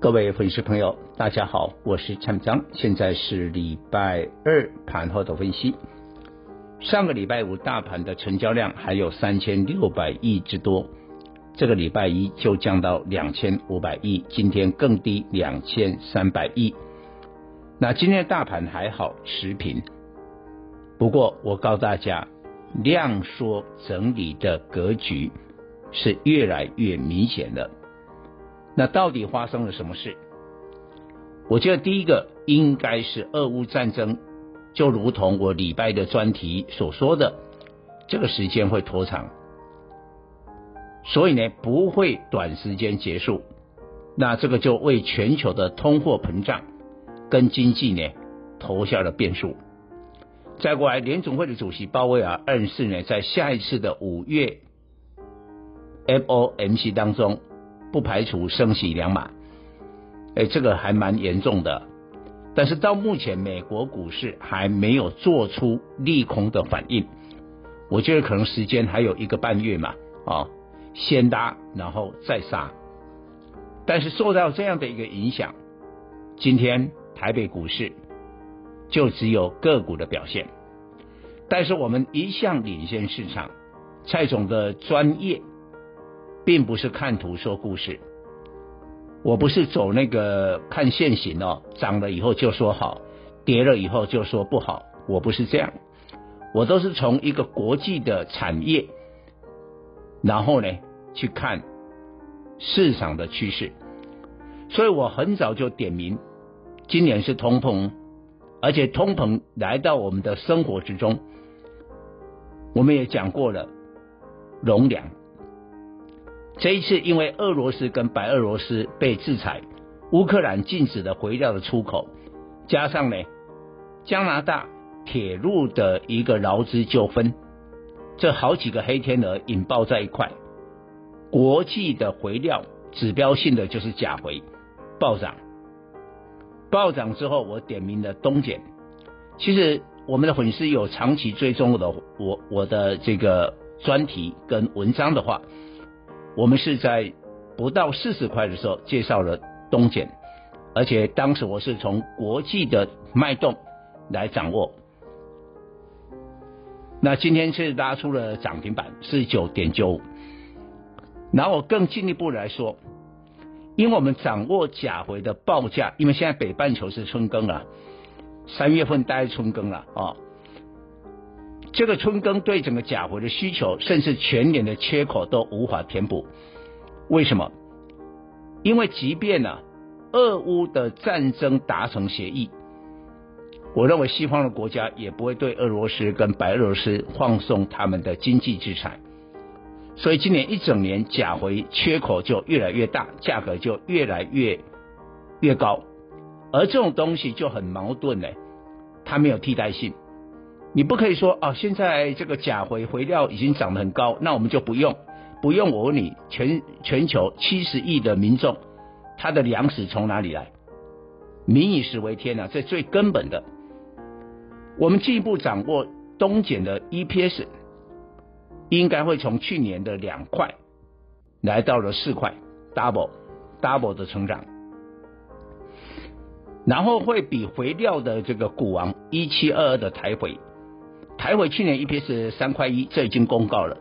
各位粉絲朋友，大家好，我是蔡章，現在是禮拜二盤後的分析。上個禮拜五大盤的成交量還有三千六百億之多，這個禮拜一就降到兩千五百億，今天更低兩千三百億。那今天大盤還好持平，不過我告訴大家，量縮整理的格局是越來越明顯了。那到底發生了什麼事？我覺得第一個應該是俄烏戰爭，就如同我禮拜的專題所說的，這個時間會拖長，所以呢不會短時間結束。那這個就為全球的通貨膨脹跟經濟呢投下了變數。再過來，聯總會的主席鮑威爾暗示呢，在下一次的五月 FOMC 當中，不排除升息兩碼，哎、欸，這個還蠻嚴重的。但是到目前，美國股市還沒有做出利空的反應，我覺得可能時間還有一個半月嘛，啊、哦，先搭然後再殺。但是受到這樣的一個影響，今天台北股市就只有個股的表現，但是我們一向領先市場，蔡總的專業。並不是看圖說故事，我不是走那個看現行哦，漲了以後就說好，跌了以後就說不好，我不是這樣，我都是從一個國際的產業，然後呢去看市場的趨勢，所以我很早就點明，今年是通膨，而且通膨來到我們的生活之中，我們也講過了，容量。這一次，因為俄羅斯跟白俄羅斯被制裁，烏克蘭禁止了肥料的出口，加上呢，加拿大鐵路的一個勞資糾紛，這好幾個黑天鵝引爆在一塊，國際的肥料指標性的就是鉀肥暴漲，暴漲之後，我點名了東鹼，其實我們的粉絲有長期追蹤我的我我的這個專題跟文章的話。我們是在不到四十塊的時候介紹了東鹼，而且當時我是從國際的脈動來掌握，那今天是拉出了漲停板，四十九點九五。然後我更進一步來說，因為我們掌握甲回的報價，因為現在北半球是春耕了、啊，三月份大概春耕了啊。哦這個春耕對整個鉀肥的需求，甚至全年的缺口都無法填補。為什麼？因為即便呢、啊，俄烏的戰爭達成協議，我認為西方的國家也不會對俄羅斯跟白俄羅斯放鬆他們的經濟制裁。所以今年一整年鉀肥缺口就越來越大，價格就越來越越高。而這種東西就很矛盾呢、欸，它沒有替代性。你不可以說啊、哦，現在這個鉀肥肥料已經漲得很高，那我們就不用不用。我問你，全全球七十億的民眾，他的糧食從哪裡來？民以食為天啊，這最根本的。我們進一步掌握東鹼的 EPS，應該會從去年的兩塊，來到了四塊，double double 的成長，然後會比肥料的這個股王一七二二的台肥。台肥去年 EPS 三塊一，這已經公告了。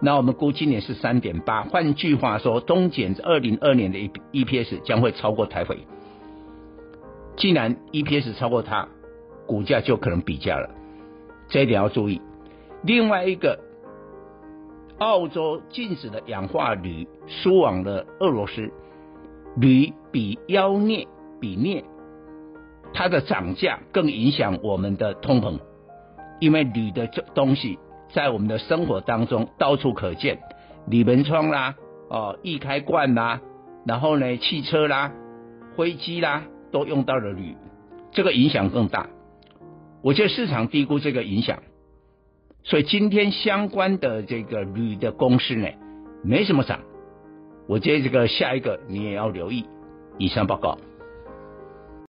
那我們估今年是三點八。換句話說，東鹼二零二二年的 EPS 將會超過台肥。既然 EPS 超過它，股價就可能比價了。這一點要注意。另外一個，澳洲禁止的氧化鋁輸往了俄羅斯，鋁比妖鎳比鎳，它的漲價更影響我們的通膨。因為鋁的這東西在我們的生活當中到處可見，鋁門窗啦，哦，易開罐啦，然後呢，汽車啦，飛機啦，都用到了鋁，這個影響更大。我覺得市場低估這個影響，所以今天相關的這個鋁的公司呢，沒什麼漲。我覺得這個下一個你也要留意。以上報告。